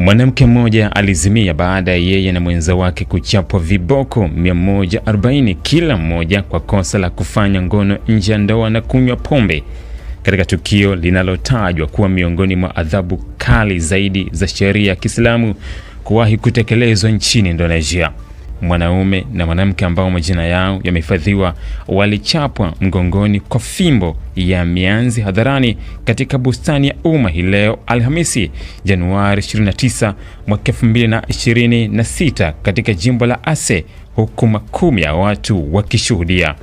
Mwanamke mmoja alizimia baada ya yeye na mwenza wake kuchapwa viboko 140 kila mmoja kwa kosa la kufanya ngono nje ya ndoa na kunywa pombe katika tukio linalotajwa kuwa miongoni mwa adhabu kali zaidi za sheria ya Kiislamu kuwahi kutekelezwa nchini Indonesia mwanaume na mwanamke ambao majina yao yamehifadhiwa walichapwa mgongoni kwa fimbo ya mianzi hadharani katika bustani ya umma hii leo Alhamisi, Januari 29 mwaka 2026 katika jimbo la Aceh, huku makumi ya watu wakishuhudia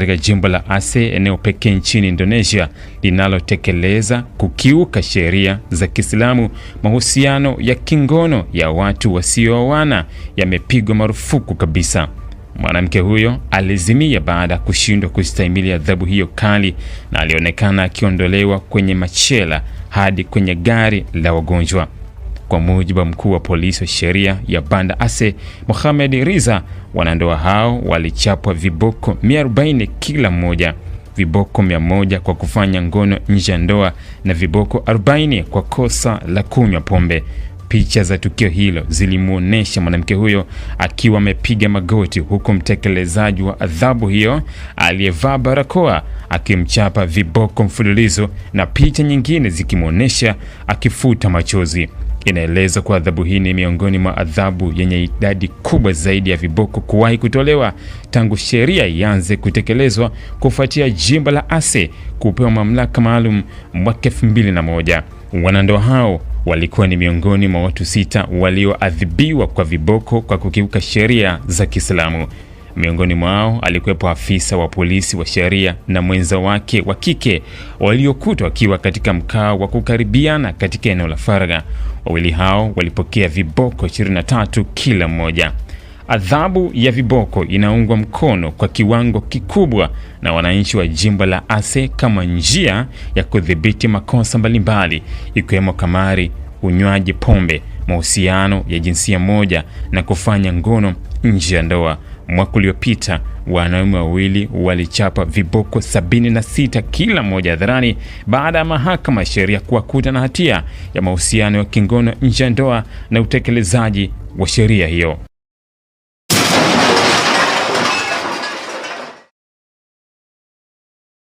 katika jimbo la Aceh, eneo pekee nchini Indonesia linalotekeleza kukiuka sheria za Kiislamu. Mahusiano ya kingono ya watu wasioana yamepigwa marufuku kabisa. Mwanamke huyo alizimia baada ya kushindwa kustahimili adhabu hiyo kali, na alionekana akiondolewa kwenye machela hadi kwenye gari la wagonjwa. Kwa mujibu wa mkuu wa polisi wa sheria ya Banda Ase Mohamed Riza, wanandoa hao walichapwa viboko 140 kila mmoja, viboko 100 kwa kufanya ngono nje ya ndoa na viboko 40 kwa kosa la kunywa pombe. Picha za tukio hilo zilimwonyesha mwanamke huyo akiwa amepiga magoti, huku mtekelezaji wa adhabu hiyo aliyevaa barakoa akimchapa viboko mfululizo, na picha nyingine zikimwonyesha akifuta machozi inaeleza kuwa adhabu hii ni miongoni mwa adhabu yenye idadi kubwa zaidi ya viboko kuwahi kutolewa tangu sheria ianze kutekelezwa kufuatia jimbo la Aceh kupewa mamlaka maalum mwaka moja. Wanandoa hao walikuwa ni miongoni mwa watu sita walioadhibiwa kwa viboko kwa kukiuka sheria za Kiislamu. Miongoni mwao alikuwepo afisa wa polisi wa sheria na mwenza wake wa kike waliokutwa wakiwa katika mkao wa kukaribiana katika eneo la faragha. Wawili hao walipokea viboko 23 kila mmoja. Adhabu ya viboko inaungwa mkono kwa kiwango kikubwa na wananchi wa jimbo la Aceh kama njia ya kudhibiti makosa mbalimbali ikiwemo kamari, unywaji pombe, mahusiano ya jinsia moja na kufanya ngono nje ya ndoa mwaka uliopita wanaume wawili walichapa viboko 76 kila mmoja hadharani baada ya mahakama ya sheria kuwakuta na hatia ya mahusiano ya kingono nje ya ndoa na utekelezaji wa sheria hiyo.